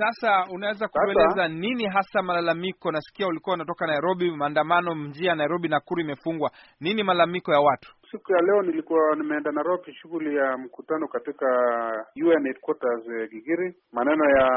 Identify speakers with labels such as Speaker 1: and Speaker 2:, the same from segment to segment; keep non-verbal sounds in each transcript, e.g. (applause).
Speaker 1: Sasa unaweza kutueleza nini hasa malalamiko? Nasikia ulikuwa unatoka Nairobi, maandamano, njia Nairobi Nakuru imefungwa. Nini malalamiko ya watu?
Speaker 2: Siku ya leo nilikuwa nimeenda Nairobi, shughuli ya mkutano katika UN headquarters eh, Gigiri, maneno ya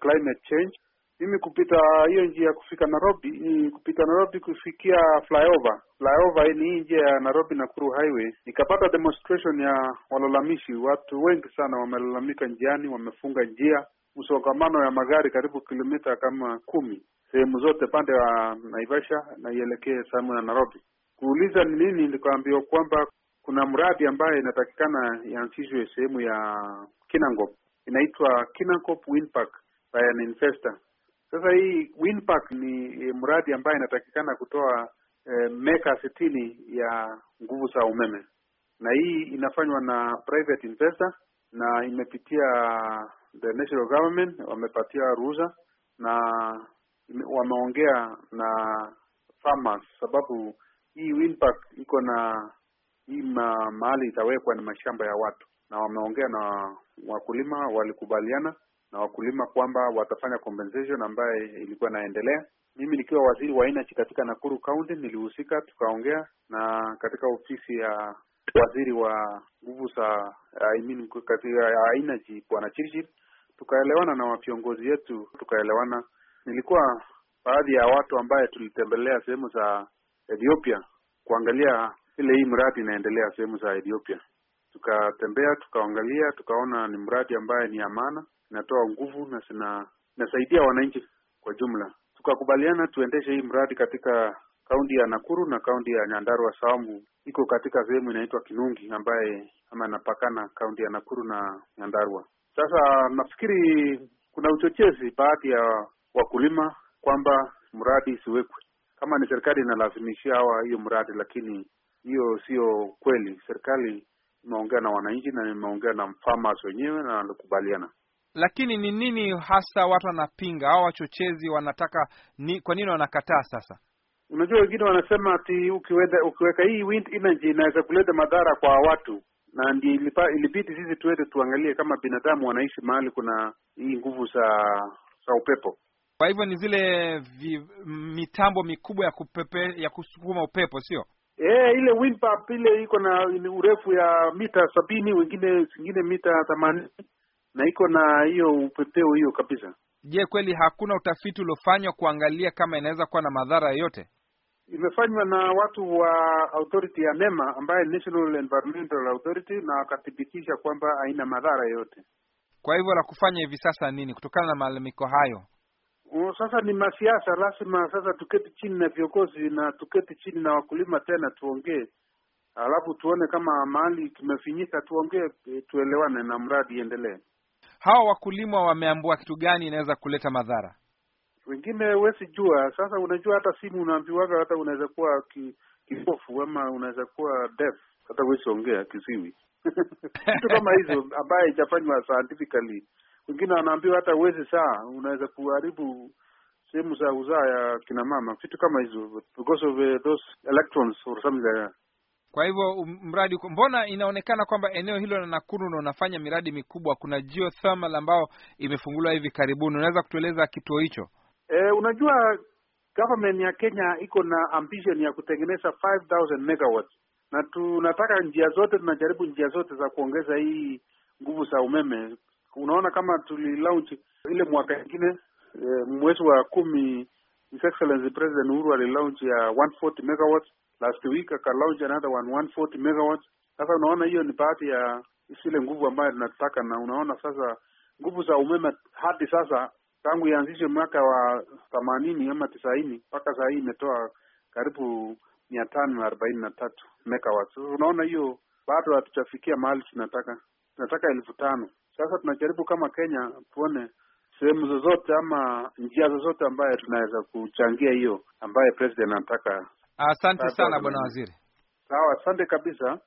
Speaker 2: climate change. Mimi kupita hiyo njia ya kufika Nairobi ni kupita Nairobi kufikia flyover. Flyover ni hii njia ya Nairobi kuru highway. Nikapata demonstration ya walalamishi, watu wengi sana wamelalamika njiani, wamefunga njia msongamano ya magari karibu kilomita kama kumi sehemu zote pande ya Naivasha na ielekee sehemu ya Nairobi. Kuuliza ni nini, nikaambiwa kwamba kuna mradi ambayo inatakikana ianzishwe sehemu ya Kinangop, inaitwa Kinangop by an investor. Sasa hii ni e, mradi ambayo inatakikana kutoa eh, meka sitini ya nguvu za umeme, na hii inafanywa na private investor na imepitia the national government wamepatia ruhusa na wameongea na farmers, sababu hii windpark iko na hii ma, mahali itawekwa ni mashamba ya watu, na wameongea na wakulima, walikubaliana na wakulima kwamba watafanya compensation ambaye ilikuwa inaendelea. Mimi nikiwa waziri wa inachi katika Nakuru County nilihusika, tukaongea na katika ofisi ya waziri wa nguvu za I mean, katika energy bwana Chirchir tukaelewana na viongozi yetu, tukaelewana. Nilikuwa baadhi ya watu ambaye tulitembelea sehemu za Ethiopia kuangalia ile hii mradi inaendelea sehemu za Ethiopia. Tukatembea, tukaangalia, tukaona ni mradi ambaye ni amana inatoa nguvu na sina, inasaidia wananchi kwa jumla. Tukakubaliana tuendeshe hii mradi katika kaunti ya Nakuru na kaunti ya Nyandarua Sambu, iko katika sehemu inaitwa Kinungi ambaye ama inapakana kaunti ya Nakuru na Nyandarua. Sasa nafikiri kuna uchochezi baadhi ya wakulima kwamba mradi isiwekwe, kama ni serikali inalazimishia hawa hiyo mradi, lakini hiyo sio kweli. Serikali imeongea na wananchi na imeongea na farmers wenyewe na walikubaliana.
Speaker 1: Lakini ni nini hasa watu wanapinga au wachochezi wanataka ni, kwa nini wanakataa? Sasa
Speaker 2: unajua, wengine wanasema ati ukiweka hii wind energy inaweza kuleta madhara kwa watu na ndio ilibidi sisi tuende tuangalie kama binadamu wanaishi mahali kuna hii nguvu za
Speaker 1: za upepo. Kwa hivyo ni zile vi, mitambo mikubwa ya kupepe, ya kusukuma upepo, sio
Speaker 2: e, ile wind pump ile iko na urefu ya mita sabini wengine zingine mita themanini na iko na hiyo upepeo hiyo kabisa.
Speaker 1: Je, kweli hakuna utafiti uliofanywa kuangalia kama inaweza kuwa na madhara yoyote?
Speaker 2: imefanywa na watu wa authority ya NEMA ambaye National Environmental Authority, na wakathibitisha kwamba haina madhara yote.
Speaker 1: Kwa hivyo la kufanya hivi sasa nini kutokana na malalamiko hayo?
Speaker 2: Sasa ni masiasa, lazima sasa tuketi chini na viongozi na tuketi chini na wakulima tena, tuongee alafu tuone kama mahali tumefinyika, tuongee e, tuelewane, na mradi iendelee.
Speaker 1: Hawa wakulima wameambua kitu gani inaweza kuleta madhara?
Speaker 2: wengine huwezi jua. Sasa unajua, hata simu unaambiwaga, hata unaweza kuwa kipofu ama unaweza kuwa deaf, hata huwezi ongea, kiziwi (laughs) kitu kama hizo ambaye haijafanywa scientifically. Wengine wanaambiwa hata huwezi saa, unaweza kuharibu sehemu za uzaa ya kina mama, vitu kama hizo because of uh, those electrons or something like that.
Speaker 1: Kwa hivyo um, mradi uko, mbona inaonekana kwamba eneo hilo la Nakuru na unafanya miradi mikubwa. Kuna geothermal ambayo imefunguliwa hivi karibuni, unaweza kutueleza kituo hicho?
Speaker 2: E, unajua government ya Kenya iko na ambition ya kutengeneza 5000 megawatts na tunataka njia zote, tunajaribu njia zote za kuongeza hii nguvu za umeme. Unaona, kama tulilaunch ile mwaka ingine e, mwezi wa kumi, His Excellency President Uhuru alilaunch ya 140 megawatts last week, aka launch another one 140 megawatts. Sasa unaona hiyo ni baadhi ya zile nguvu ambayo tunataka, na unaona sasa nguvu za umeme hadi sasa tangu ianzishe mwaka wa themanini ama tisaini mpaka saa hii imetoa karibu mia tano na arobaini na tatu megawatts. unaona hiyo bado hatujafikia mahali tunataka, tunataka elfu tano. Sasa tunajaribu kama Kenya tuone sehemu zozote ama njia zozote ambayo tunaweza kuchangia hiyo ambaye president anataka. Asante sana bwana waziri. Sawa, asante kabisa.